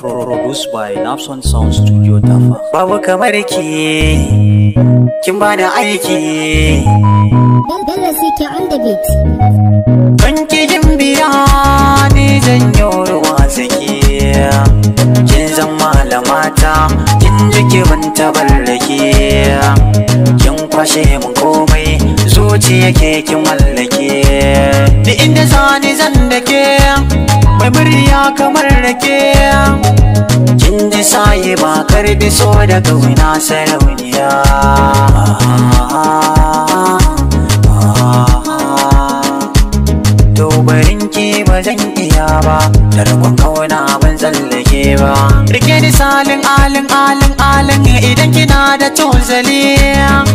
Produced by Napson Sound Studio Dafa. Babu kamar ki, kin bani aiki. Dan Bello sike on the beat. Ban ki jin biya ni zan yi ruwa saki. Kin zan malamata, kin jike ban Kin kwashe mun komai, zuci yake kin mallake. Ni inda zani zan dake, mai murya kamar rake. karbi so daga wina sarauniya to barin ki ba zan iya ba da rabon kauna ban tsallake ba rike ni salin alin alin alin idan kina da tozali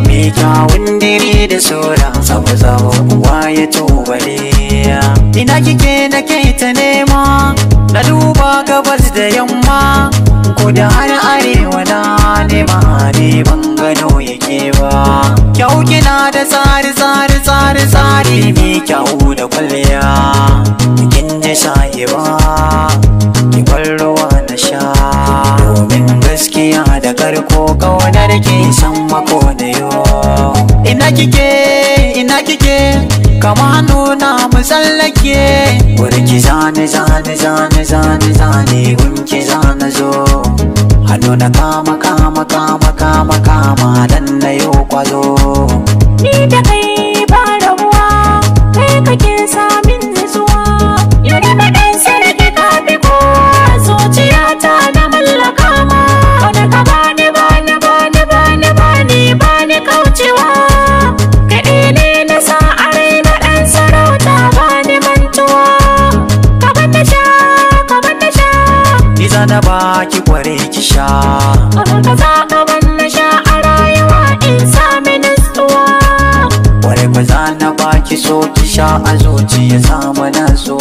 me kyawun dare da sora sabo sabo waye tobali ina kike na kai ta nema na duba gabas da yamma ko da arewa na nema ne ban gano yake ba kyau kina da tsari tsari tsari tsari mai kyau da kwalliya kin ji shaye ba ki bar ruwa na sha domin gaskiya da karko kaunar ki san mako da yau ina kike ina kike kama nuna mu tsallake wurin ki zane zane zane zane zane gun ki zane zo na kama kaza na baki kware ki sha abin kaza abin na sha a rayuwa in sami nutsuwa kware kaza na baki so ki sha a zuciya na so.